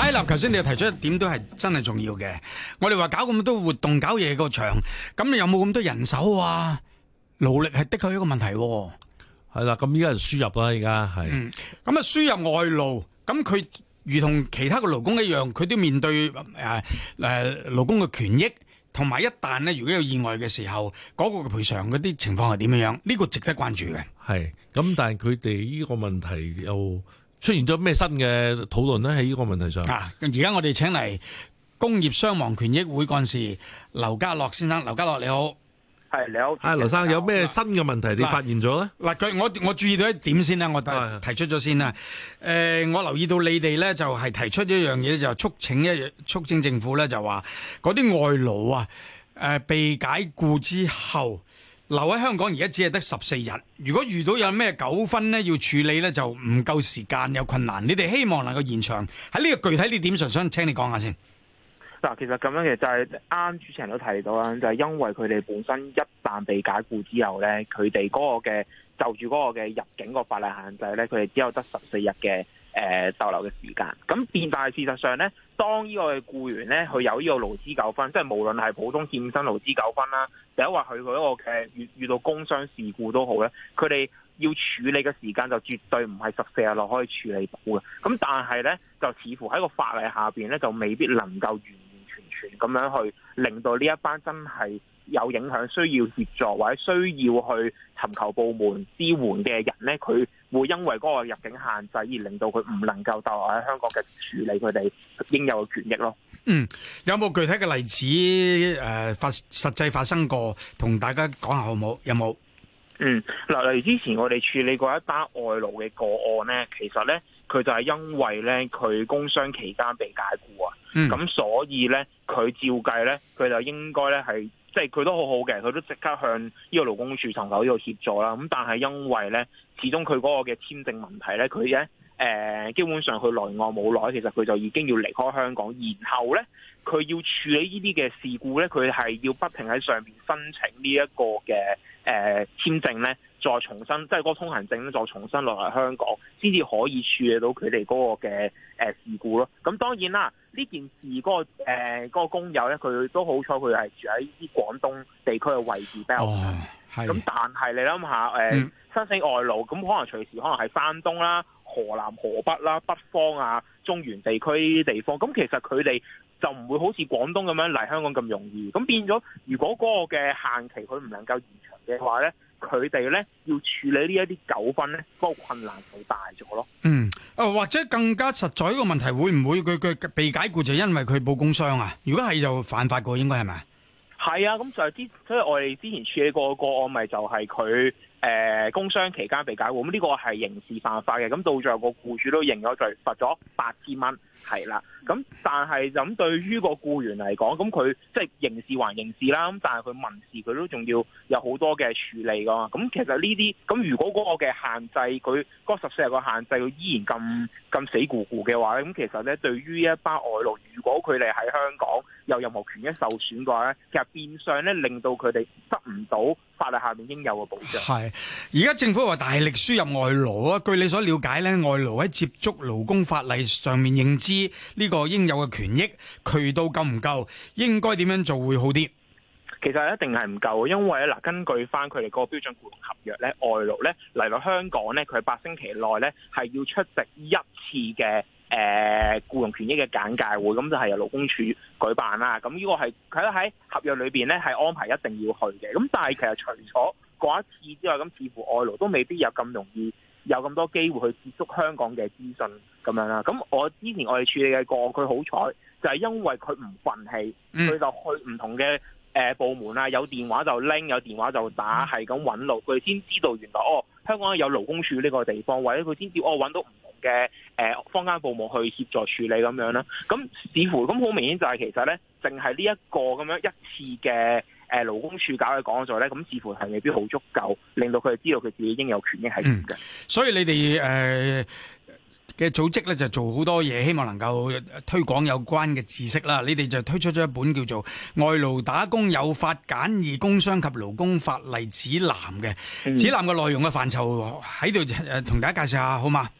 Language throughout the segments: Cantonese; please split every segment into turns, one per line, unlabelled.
係啦，頭先你又提出一點都係真係重要嘅。我哋話搞咁多活動、搞嘢個場，咁你有冇咁多人手啊？勞力係的確一個問題。
係啦，咁依家係輸入啦，而家係。嗯，
咁啊輸入外勞，咁佢如同其他嘅勞工一樣，佢都面對誒誒勞工嘅權益，同埋一旦咧如果有意外嘅時候，嗰個嘅賠償嗰啲情況係點樣樣？呢個值得關注嘅。係，咁但係佢哋呢個問題又出現咗咩新嘅討論咧？喺呢個問題上啊，而家我哋請嚟工業傷亡權益會幹事劉家樂先生，劉家樂你好，係你好，係劉生，有咩新嘅問題你發現咗咧？嗱，佢我我注意到一點先啦，我提提出咗先啦。誒，我留意到你哋咧就係提出一樣嘢，就促請一促請政府咧就話嗰啲外勞啊，誒被解雇之後。留喺香港而家只係得十四日，如果遇到有咩糾紛咧要處理咧，就唔夠時間有困難。你哋希望能夠延長喺呢個具體呢點上，想請你講下先。
嗱，其實咁樣嘅就係啱，主持人都提到啦，就係因為佢哋本身一旦被解雇之後咧，佢哋嗰個嘅就住嗰個嘅入境個法例限制咧，佢哋只有得十四日嘅。誒、呃、逗留嘅時間，咁但係事實上咧，當呢個僱員咧，佢有呢個勞資糾紛，即係無論係普通欠薪勞資糾紛啦，或者話佢佢一個遇遇到工傷事故都好咧，佢哋要處理嘅時間就絕對唔係十四日內可以處理到嘅。咁但係咧，就似乎喺個法例下面，咧，就未必能夠完完全全咁樣去令到呢一班真係有影響、需要協助或者需要去尋求部門支援嘅人咧，佢會因為嗰個入境限制而令到佢唔能夠逗留喺香港嘅，處理佢哋應有嘅權益咯。嗯，
有冇具體嘅例子誒發、呃、實際發生過同大家講下好冇？有冇？
嗯，嗱，例如之前我哋處理過一單外勞嘅個案咧，其實咧。佢就係因為咧，佢工傷期間被解雇啊，咁、嗯、所以咧，佢照計咧，佢就應該咧係，即係佢都好好嘅，佢都即刻向呢個勞工處尋求呢個協助啦。咁但係因為咧，始終佢嗰個嘅簽證問題咧，佢嘅誒基本上佢來澳冇耐，其實佢就已經要離開香港，然後咧佢要處理呢啲嘅事故咧，佢係要不停喺上面申請呢一個嘅。誒、呃、簽證咧，再重新即係嗰個通行證咧，再重新落嚟香港，先至可以處理到佢哋嗰個嘅、呃、事故咯。咁當然啦，呢件事嗰、嗰個誒嗰個工友咧，佢、呃嗰個、都好彩，佢係住喺啲廣東地區嘅位置比較近。Oh. 咁但係你諗下，誒，申請外勞，咁、嗯、可能隨時可能係山東啦、河南、河北啦、北方啊、中原地區地方，咁其實佢哋就唔會好似廣東咁樣嚟香港咁容易。咁變咗，如果嗰個嘅限期佢唔能夠延長嘅話咧，佢哋咧要處理呢一啲糾紛咧，嗰、那個困難就大咗咯。
嗯、呃，或者更加實在呢個問題，會唔會佢佢被解雇就因為佢報工傷啊？如果係就犯法過應該係咪？
係啊，咁就係啲，所以我哋之前處理過個個案，咪就係佢。誒工傷期間被解僱，咁呢個係刑事犯法嘅，咁到最後個僱主都認咗罪，罰咗八千蚊，係啦。咁但係咁對於個僱員嚟講，咁佢即係刑事還刑事啦，咁但係佢民事佢都仲要有好多嘅處理㗎。咁其實呢啲咁如果嗰個嘅限制，佢嗰十四日嘅限制，佢依然咁咁死咕咕嘅話咧，咁其實咧對於一班外勞，如果佢哋喺香港有任何權益受損嘅話咧，其實變相咧令到佢哋得唔到法律下面應有嘅保障。係。
而家政府話大力輸入外勞啊，據你所了解咧，外勞喺接觸勞工法例上面認知呢個應有嘅權益，渠道夠唔夠？應該點樣做會好啲？
其實一定係唔夠，因為咧嗱，根據翻佢哋個標準僱傭合約咧，外勞咧嚟到香港咧，佢八星期內咧係要出席一次嘅誒、呃、僱傭權益嘅簡介會，咁就係由勞工處舉辦啦。咁呢個係佢喺合約裏邊咧係安排一定要去嘅。咁但係其實除咗過一次之外，咁似乎外勞都未必有咁容易，有咁多機會去接觸香港嘅資訊咁樣啦。咁我之前我哋處理嘅個案，佢好彩就係、是、因為佢唔憤氣，佢就去唔同嘅誒部門啊，有電話就拎，有電話就打，係咁揾路，佢先知道原來哦，香港有勞工處呢個地方，或者佢先至哦揾到唔同嘅誒、呃、坊間部門去協助處理咁樣啦。咁似乎咁好明顯就係、是、其實呢，淨係呢一個咁樣一次嘅。誒勞工處搞嘅講座咧，咁似乎係未必好足夠，令到佢哋知道佢自己應有權益係點嘅。
所以你哋誒嘅組織咧，就做好多嘢，希望能夠推廣有關嘅知識啦。你哋就推出咗一本叫做《外勞打工有法簡易工商及勞工法例指南》嘅指南嘅內容嘅範疇喺度誒，同大家介紹下好嗎？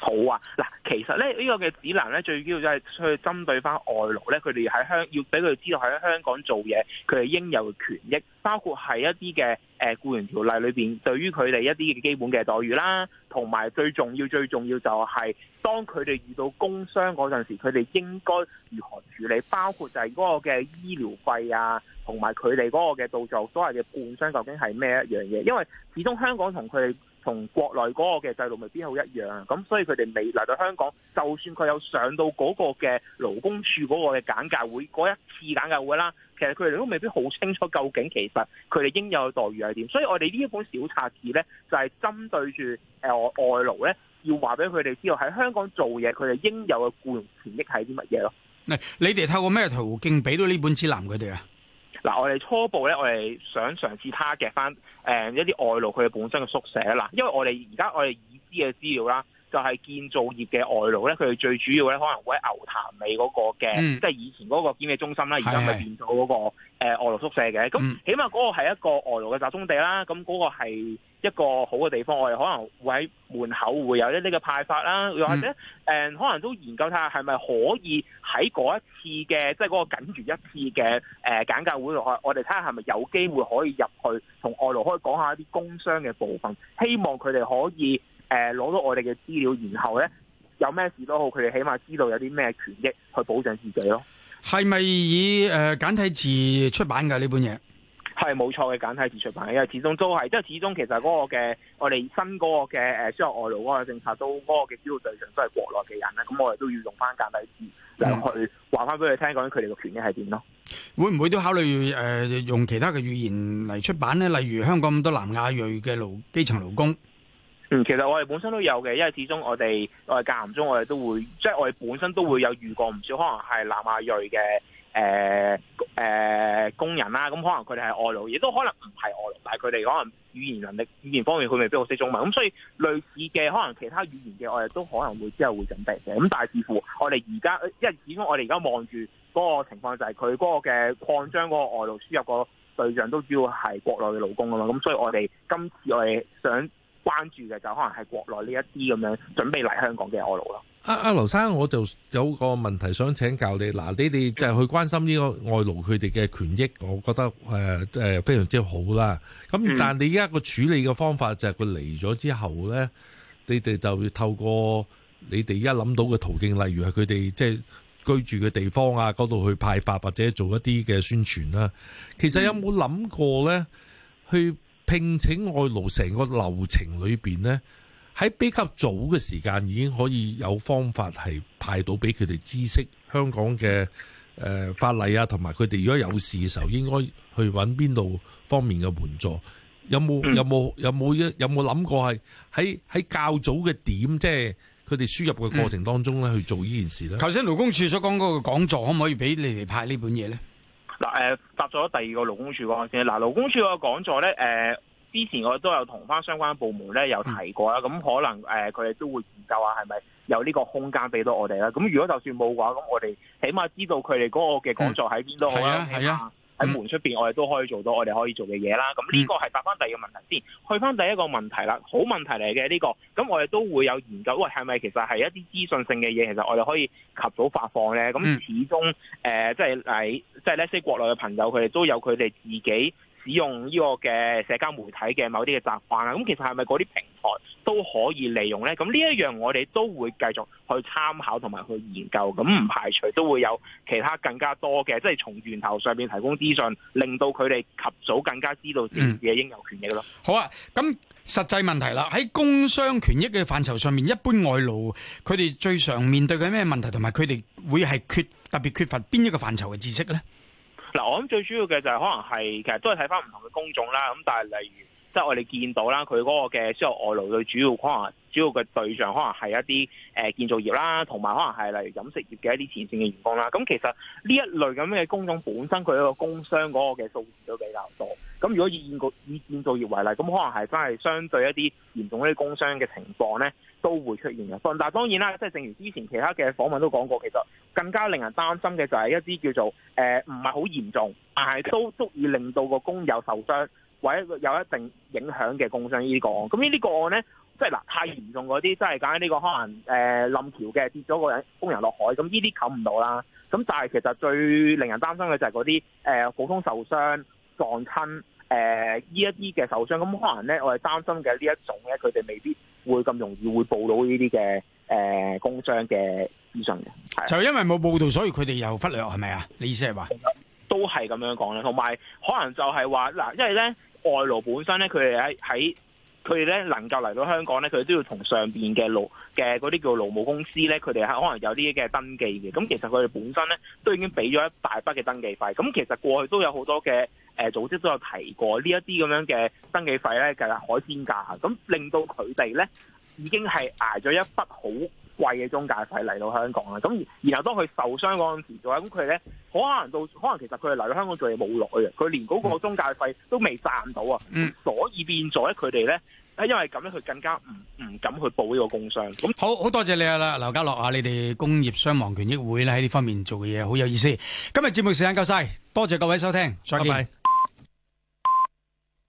好啊，嗱。
其實咧，呢個嘅指南咧，最主要就係去針對翻外勞咧，佢哋喺香要俾佢知道喺香港做嘢，佢哋應有嘅權益，包括係一啲嘅誒雇員條例裏邊對於佢哋一啲嘅基本嘅待遇啦，同埋最重要、最重要就係當佢哋遇到工傷嗰陣時，佢哋應該如何處理，包括就係嗰個嘅醫療費啊，同埋佢哋嗰個嘅到就所謂嘅賠償究竟係咩一樣嘢，因為始終香港同佢。同國內嗰個嘅制度未必好一樣，咁所以佢哋未嚟到香港，就算佢有上到嗰個嘅勞工處嗰個嘅簡介會嗰一次簡介會啦，其實佢哋都未必好清楚究竟其實佢哋應有嘅待遇係點。所以我哋呢一本小冊子呢，就係針對住誒外勞呢，要話俾佢哋知道喺香港做嘢佢哋應有嘅僱傭權益係啲乜嘢
咯。你哋透過咩途徑俾到呢本指南佢哋啊？
嗱，我哋初步咧，我哋想嘗試 target 返誒一啲外勞佢哋本身嘅宿舍啦，因為我哋而家我哋已知嘅資料啦，就係建造業嘅外勞咧，佢哋最主要咧可能會喺牛潭尾嗰個嘅、嗯，即係以前嗰個檢疫中心啦，而家咪變咗嗰個外勞宿舍嘅，咁起碼嗰個係一個外勞嘅集中地啦，咁嗰個係。一個好嘅地方，我哋可能會喺門口會有一啲嘅派發啦，又或者誒、呃，可能都研究睇下係咪可以喺嗰一次嘅，即係嗰個緊住一次嘅誒、呃、簡介會落去，我我哋睇下係咪有機會可以入去，同外勞可以講下一啲工傷嘅部分，希望佢哋可以誒攞、呃、到我哋嘅資料，然後咧有咩事都好，佢哋起碼知道有啲咩權益去保障自己咯。
係咪以誒、呃、簡體字出版嘅呢本嘢？
係，冇錯嘅，簡體字出版嘅，因為始終都係即係始終其實嗰個嘅我哋新嗰個嘅誒輸入外勞嗰個政策都嗰、嗰個嘅主要對象都係國內嘅人咧，咁我哋都要用翻簡體字嚟去話翻俾佢聽，講緊佢哋嘅權益係點咯。
會唔會都考慮誒、呃、用其他嘅語言嚟出版呢？例如香港咁多南亞裔嘅勞基層勞工。
嗯，其實我哋本身都有嘅，因為始終我哋我哋間唔中我哋都會即係、就是、我哋本身都會有遇過唔少可能係南亞裔嘅。誒、呃、誒、呃、工人啦，咁可能佢哋係外勞，亦都可能唔係外勞，但係佢哋可能語言能力、語言方面佢未必好識中文嘛。咁所以類似嘅可能其他語言嘅我哋都可能會之後會準備嘅。咁但係似乎我哋而家，因為始終我哋而家望住嗰個情況就係佢嗰個嘅擴張嗰個外勞輸入個對象都主要係國內嘅勞工啊嘛。咁所以我哋今次我哋想關注嘅就可能係國內呢一啲咁樣準備嚟香港嘅外勞咯。阿阿劉生，我就有個問題想請教你。嗱，你哋就係去關心呢個外勞佢哋嘅權益，我覺得誒、呃呃、非常之好啦。咁但係你依家個處理嘅方法就係佢嚟咗之後咧，你哋就要透過你哋依家諗到嘅途徑，例如係佢哋即係居住嘅地方啊嗰度去派發或者做一啲嘅宣傳啦。其實有冇諗過咧，去聘請外勞成個流程裏面咧？喺比較早嘅時間已經可以有方法係派到俾佢哋知識香港嘅誒、呃、法例啊，同埋佢哋如果有事嘅時候應該去揾邊度方面嘅援助？有冇有冇有冇有冇諗過係喺喺較早嘅點，即係佢哋輸入嘅過程當中咧、嗯、去做呢件事咧？頭
先勞工處所講嗰個講座，可唔可以俾你哋派呢本嘢咧？
嗱、呃、誒，答咗第二個勞工處嗰個先。嗱、呃，勞工處個講座咧誒。呃之前我哋都有同翻相關部門咧有提過啦，咁、嗯、可能誒佢哋都會研究下係咪有呢個空間俾到我哋啦。咁如果就算冇嘅話，咁我哋起碼知道佢哋嗰個嘅講座喺邊度啦。啊，係啊，喺門出邊我哋都可以做到我哋可以做嘅嘢啦。咁呢個係答翻第二個問題先、嗯，去翻第一個問題啦，好問題嚟嘅呢個。咁我哋都會有研究，喂係咪其實係一啲資訊性嘅嘢，其實我哋可以及早發放咧。咁、嗯、始終誒即係喺即係呢啲國內嘅朋友，佢哋都有佢哋自己使用呢個嘅社交媒體嘅某啲嘅習慣啊，咁其實係咪嗰啲平台都可以利用咧？咁呢一樣我哋都會繼續去參考同埋去研究，咁唔排除都會有其他更加多嘅，即係從源頭上面提供資訊，令到佢哋及早更加知道自己嘅應有權益咯。嗯。好啊，咁
實際問題啦，喺工傷權益嘅範疇上面，一般外勞佢哋最常面對嘅咩問題，同埋佢哋會係缺特別缺乏邊一個範疇嘅知識咧？
嗱，我諗最主要嘅就係可能係，其實都係睇翻唔同嘅工種啦。咁但係例如，即係我哋見到啦，佢嗰個嘅即係外勞嘅主要可能主要嘅對象，可能係一啲誒建造業啦，同埋可能係例如飲食業嘅一啲前線嘅員工啦。咁其實呢一類咁嘅工種本身佢個工傷嗰個嘅數字都比較多。咁如果以建以建造業為例，咁可能係真係相對一啲嚴重一啲工傷嘅情況咧，都會出現嘅。但係當然啦，即係正如之前其他嘅訪問都講過，其實更加令人擔心嘅就係一啲叫做誒唔係好嚴重，但係都足以令到個工友受傷。或者有一定影響嘅工傷呢啲個案，咁呢啲個案咧，即係嗱太嚴重嗰啲，即係講緊呢個可能誒冧橋嘅跌咗個工人落海，咁呢啲救唔到啦。咁但係其實最令人擔心嘅就係嗰啲誒普通受傷、撞親誒呢一啲嘅受傷，咁可能咧我哋擔心嘅呢一種咧，佢哋未必會咁容易會報到呢啲嘅誒工傷嘅資訊。嘅。
就因為冇報到，所以佢哋又忽略係咪啊？你意思係話
都係咁樣講啦同埋可能就係話嗱，因為咧。外勞本身咧，佢哋喺喺佢哋咧能夠嚟到香港咧，佢都要同上面嘅勞嘅嗰啲叫勞務公司咧，佢哋可能有啲嘅登記嘅。咁其實佢哋本身咧都已經俾咗一大筆嘅登記費。咁其實過去都有好多嘅誒組織都有提過呢一啲咁樣嘅登記費咧，計係海鮮價咁令到佢哋咧已經係捱咗一筆好貴嘅中介費嚟到香港啊，咁然後當佢受傷嗰陣時嘅話，咁佢咧好可能到，可能其實佢嚟到香港做嘢冇耐嘅，佢連嗰個中介費都未賺到啊，所以變咗咧，佢哋咧，因為咁樣，佢更加唔唔敢去報呢個工傷。咁
好好多謝你啦，劉家樂啊，你哋工業傷亡權益會咧喺呢方面做嘅嘢好有意思。今日節目時間夠晒，多謝各位收聽，再見。